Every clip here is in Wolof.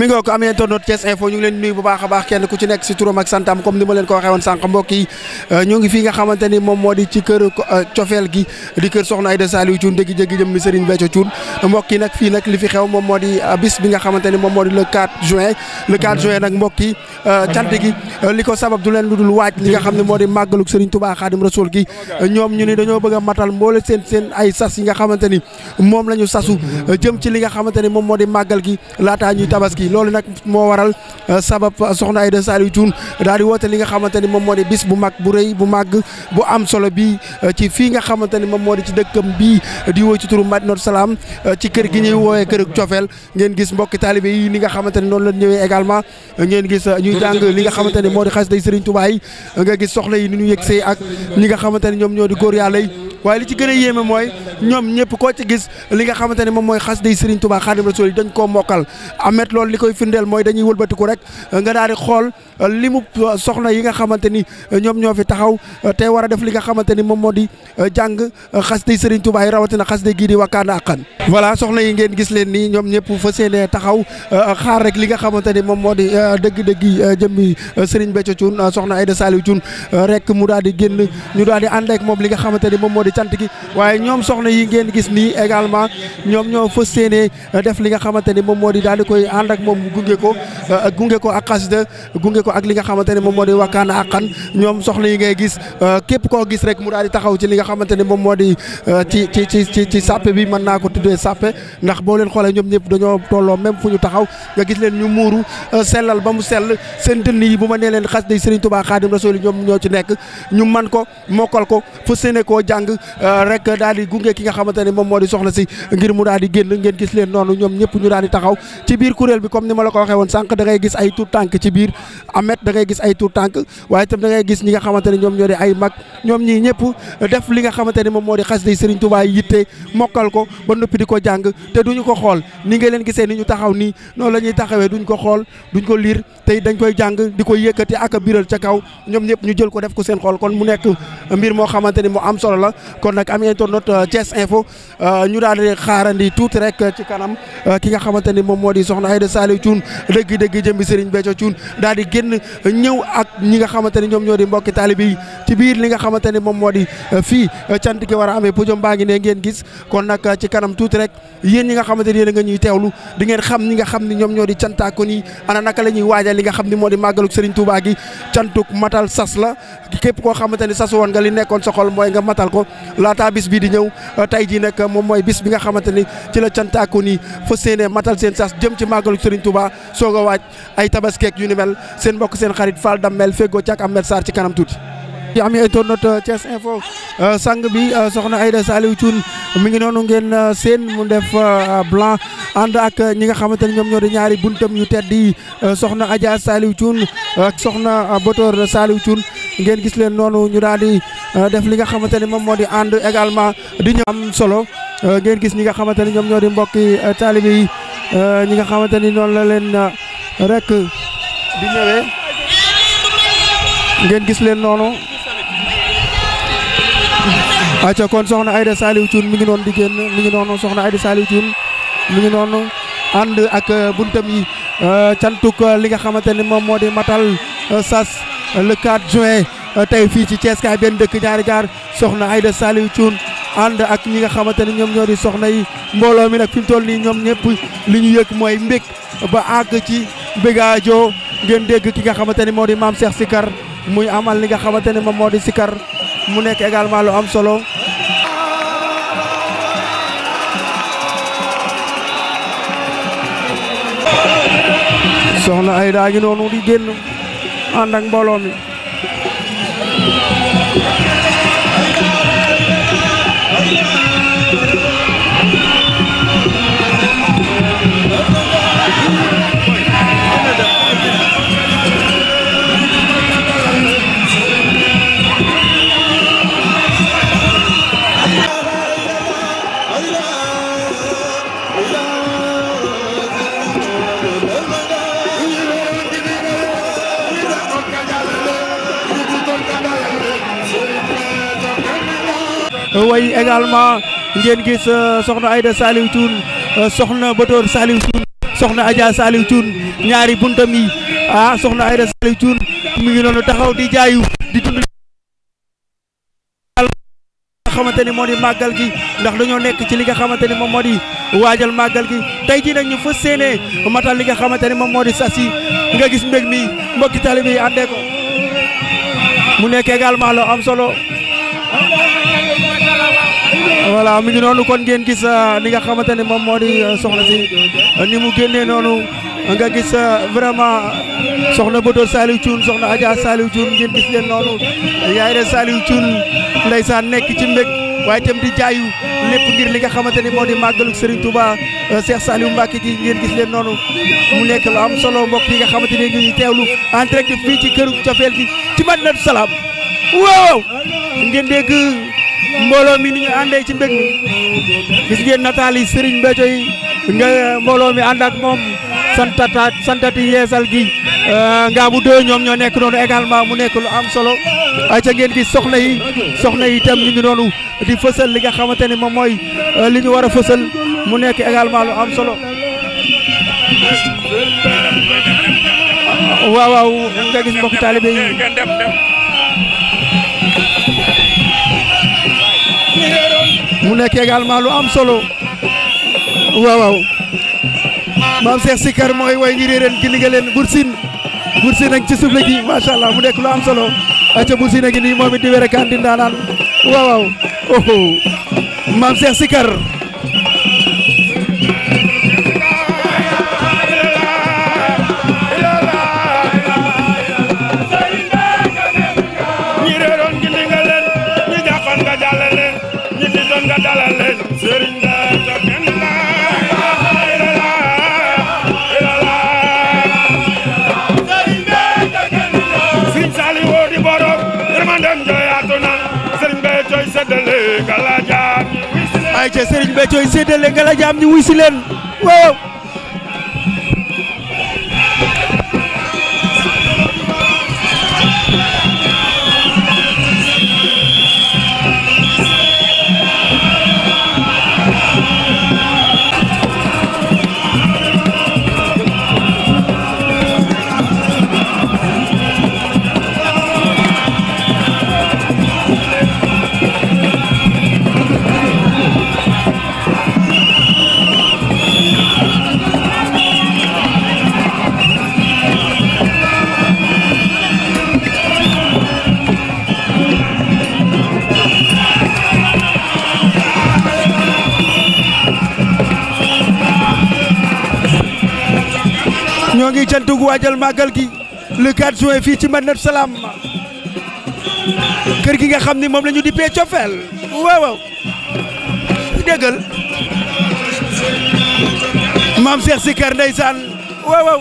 mi ngoo ko amee internet Thiès Info ñu ngi leen nuyu bu baax a baax kenn ku ci nekk si turam ak santam comme ni ma leen ko waxee woon sànq euh, ñu ngi fii nga xamante ni moom moo di ci kër euh, cofeel gi di kër soxna Aïda Saliou Thioune dégg jéggi jëm mi Serigne Béthio Thioune mbokk yi nag fii nag li fi xew moom moo di euh, bis bi nga xamante ni moom moo di le 4 juin le 4 juin nag gi li ko sabab du leen lu dul waaj li nga xam ne moo di màggaluk Serigne Touba Khadim Rasoul gi ñoom ñu ni dañoo bëgg a matal mboole seen seen ay sas yi nga xamante ni moom la ñu sasu jëm ci li nga xamante ni moom moo di màggal gi laataa ñuy ki loolu nag moo waral euh, sabab soxna Aïda Saliou Thioune daal di woote li nga xamante ni moom moo de bis bu mag bu rëy bu màgg bu am solo bi euh, ci fii nga xamante ni moom moo di ci dëkkam bi di woy ci turu Madinatoul Salam euh, ci kër gi ñuy woowee kër coofeel ngeen gis mbokki taalibe yi ni nga xamante ni noonu la ñëwee également ngeen gis ñuy jàng li nga xamante ni moo di xas day Serigne Touba nga gis soxla yi ni ñu yëg see ak ni nga xamante ni ñoom ñoo di góor yàllay waaye li ci gën a yéeme mooy ñoom ñëpp koo ci gis li nga xamante ne moom mooy xas day Serigne Touba Khadim Rasoul yi dañ koo mokkal amet loolu li koy firndeel mooy dañuy wëlbatiku rek nga daal di xool uh, li mu uh, soxna yi nga xamante ni uh, ñoom ñoo fi taxaw te war a def li nga xamante ni moom moo di jàng xas day Serigne Touba yi rawatina xas gii di wakkaana akkan voilà soxna yi ngeen gis leen nii ñoom ñëpp fa seenee taxaw xaar rek li nga xamante ni moom moo di dëgg-dëgg yi jëmmi Serigne Béthio Thioune soxna Aïda Saliou Thioune rek mu daal di génn ñu daal di ànd ak moom li nga xamante moom moo di di cant gi waaye ñoom soxna yi ngeen gis nii également ñoom ñoo fas séenee euh, def li nga xamante ni moom moo di daal di koy ànd ak moom gunge ko euh, gunge ko ak xasida gunge ko ak li nga xamante ni moom moo di wakkaan ak xan ñoom soxna yi ngay gis euh, koo gis rek mu daal di taxaw ci li nga xamante ni moom moo di ci ci ci ci ci sàppe bi mën naa ko tuddee sàppe ndax boo leen xoolee ñoom ñëpp dañoo tolloo même fu ñu taxaw nga gis leen ñu muuru sellal ba mu sell seen dënn yi bu ma nee leen xasida Serigne Touba Xaadim Rasul ñoom ñoo ci nekk ñu man ko mokkal ko fas yéene Euh, rek daal di gunge ki nga xamante ne moom moo di soxna si ngir mu daal di génn ngeen gis leen noonu ñoom ñëpp ñu daal di taxaw ci biir kuréel bi comme ni ma la ko waxee woon sànq da ngay gis ay tuut tànk ci biir amet da ngay gis ay tuut tànk waaye tam da ngay gis ñi nga xamante ne ñoom ñoo di ay mag ñoom ñii ñëpp def li nga xamante ne moom moo di xas day Serigne Touba yitte mokkal ko ba noppi di ko jàng te du ñu ko xool ni nga leen gisee ni ñu taxaw nii noonu la ñuy taxawee duñ ko xool duñ ko liir tey dañ koy jàng di koy yëkkati ak a biral ca kaw ñoom ñëpp ñu jël ko def ko seen xool kon mu nekk mbir moo xamante ni mu am solo la kon nag am internet euh, Thiès Info euh, ñu daal di xaarandi tuuti rek ci kanam euh, ki nga xamante ni moom moo di soxna Aïda Saliou Thioune dëgg jëm bi Serigne Béthio Thioune daal di génn ñëw ak ñi nga xamante ni ñoom ñoo di mbokki taalibe yi ci biir li nga xamante ni moom moo di fii cant gi war a amee pojom baa ngi ne ngeen gis kon nag ci kanam tuuti rek yéen ñi nga xamante ni yéen a nga ñuy teewlu di ngeen xam ñi nga xam ni ñoom ñoo di cantaako nii ana naka la ñuy li nga xam ni moo di màggaluk Serigne Touba gi cantuk matal sas la képp koo xamante ni sas woon nga li nekkoon sa xol mooy nga matal ko laata bis bii di ñëw euh, tey jii nag moom mooy bis bi nga xamante ni ci la cantaaku ni fa séenee matal seen sas jëm ci màggaluk Serigne Touba soog a waaj ay tabaskeek yu ni mel seen mbokk seen xarit Fall Dammel feggoo càkk Ahmed Sarr ci kanam tuuti. yi euh, bi euh, soxna Aïda Saliou ngi noonu ngeen seen mu def blanc. ànd ak ñi nga xamante ne ñoom ñoo di ñaari buntam yu tedd yi euh, soxna Adja Saliou Thioune ak soxna Botor Saliou Thioune ngeen gis leen noonu ñu daal di euh, def li nga xamante ne moom moo di ànd également di am solo euh, ngeen gis ñi nga xamante ne ñoom ñoo di mbokki taalibe yi ñi nga xamante ni noonu la leen di ñëwee ngeen gis leen noonu acca kon soxna Aïda Saliou Thioune mu ngi noonu di génn mu ngi noonu soxna Aïda Saliou Thioune mu ngi noonu ànd ak euh, buntam yi euh, cantuk euh, li nga xamante ni moom moo di matal sas le 4 juin tey fii ci Thiès kaay benn dëkk ñaari gaar soxna Aïda Saliou Thioune ànd ak ñi nga xamante ni ñoom ñoo di soxna yi mbooloo mi nag fi mu toll nii ñoom ñëpp li ñu yëg mooy mbég ba àgg ci mbégaajo ngeen dégg ki nga xamante ni moo di maam Cheikh Sikar muy amal li nga xamante ni moom moo di Sikar mu nekk également lu am solo. soxna Ayda a ngi noonu di génn ànd ak mbooloo mi également ngeen gis euh, soxna Aida Saliou Thioune euh, soxna Batoor Saliou Thioune soxna Adja Saliou Thioune ñaari buntam yi ah soxna Aida Saliou Thioune mu ngi noonu taxaw di jaayu di dund xamante ni moo di màggal gi ndax dañoo nekk ci li xamante ni moom moo di waajal màggal gi tey jii nag ñu fas yéene matal li nga xamante ni moom moo di sas yi nga gis mbég mi mbokki tali àndee ko mu nekk également lu am solo voilà mu ngi noonu kon ngeen gis euh, li nga xamante ne moom moo di euh, soxna si euh, ni mu génnee noonu nga gis vraiment soxna Bodo Saliou Thioune soxna Adja Saliou Thioune ngeen gis leen noonu yaay de Saliou Thioune ndeysaan nekk ci mbég waaye itam di jaayu lépp ngir li nga xamante ni moo di màggalu Serigne Touba Cheikh Saliou Mbacke ji ngeen gis leen noonu mu nekk lu am solo mbokk yi nga xamante ne ñu teewlu en direct fii ci këru cofeel gi ci Madinatu Salaam waaw ngeen dégg. mbooloo mi ni ñu àndee ci mbég gis ngeen nataal yi sëriñ Béthio yi nga mbooloo mi ànd ak moom santataat santati yeesal gi euh, nga bu dee ñoom ñoo nekk noonu également mu nekk lu am solo ca ngeen gis soxna yi soxna yi itam ñu ngi noonu di fësal li nga xamante ni moom mooy euh, li ñu war a fësal mu nekk également lu am solo waaw waaw nga gis mbokk taalibe yi mu nekk également lu am solo waaw waaw maam Cheikh mooy way ñu réeréen gindi nga leen Boursine Boursine ak ci suble gi macha allah mu lu am solo aca Boursine a ngi nii moom it di wér a kaan di ndaanaan waaw waaw maam Cheikh waaye ca Serigne Béthio séddale nga la jaam ñu wuy si leen waaw. ñoo ngi jantug waajal màggal gi le 4 juin fii ci Madinatu Salaam kër gi nga xam ni moom lañu ñu dippee cofeel waaw waaw déggal maam Cheikh Sikar ndeysaan waaw waaw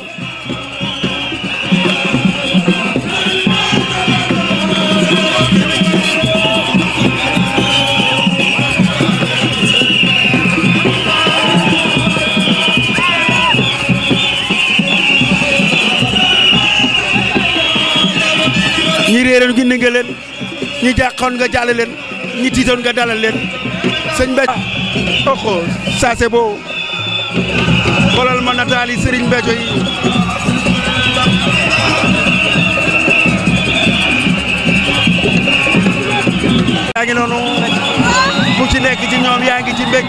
réeroon gi ninga leen nga jàll leen ñi tiitoon nga dalal leen sëñ Béthio oxo ça c'est beau xoolal ma nataali ku ci nekk ci ñoom yaa ngi ci mbég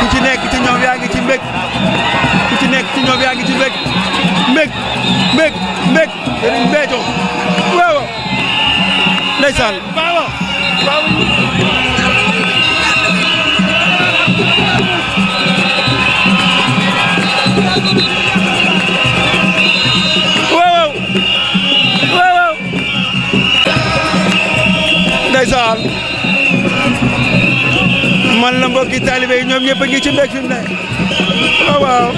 ku ci nekk ci ñoom yaa ngi ci mbég ku ci nekk ci ci mbég mbég mbég mbég ndeysaan ndeysaan man la mbokki taalibe ñoom ñëpp a ngi ci waaw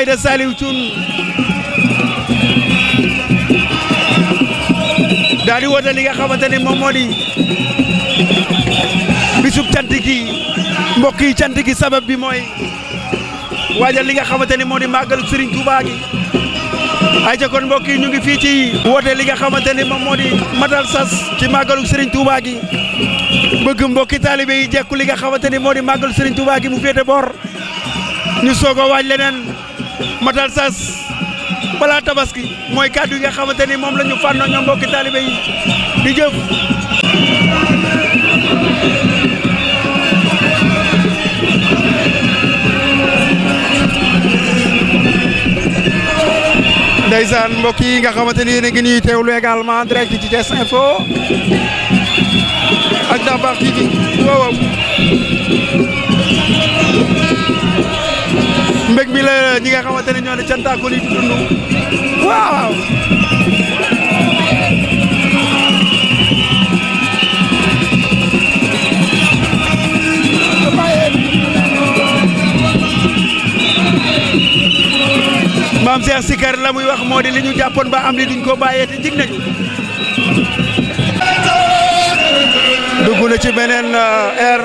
fayda Saliou Thioune daal di woote li nga xamante ne moom moo di bisub cant gi mbokk yi cant gi sabab bi mooy waajal li nga xamante ne moo di màggalu Serigne Touba gi ayca kon mbokk yi ñu ngi fii ci woote li nga xamante ne moom moo di matal sas ci màggalu Serigne Touba gi mbokki taalibe yi jekku li nga xamante ne moo di màggalu Serigne Touba gi mu féete boor ñu soog a leneen matal sas balaa tabaski mooy kàddu yi nga xamante ni moom la ñu fànnoo ñoom mbokki taalibe yi jëf ndeysaan mbokk yi nga xamante ni yéen a ngi ñuy teewlu direct ci Thiès Info ak Dabakh TV waaw waaw mbég mi la ñi xamante ne ñoo ne cantaakol yi di dund maam Cheikh Sikar la muy wax moo di li ñu jàppoon ba am li duñ ko bàyyee te jig nañu dugg na ci beneen euh, air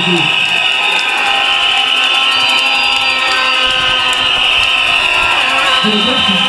Thank you. Thank you.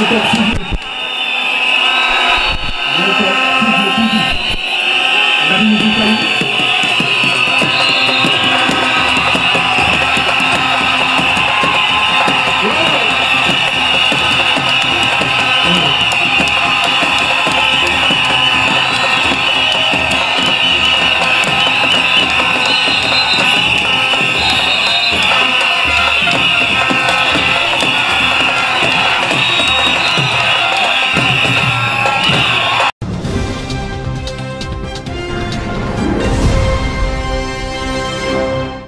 ñu toog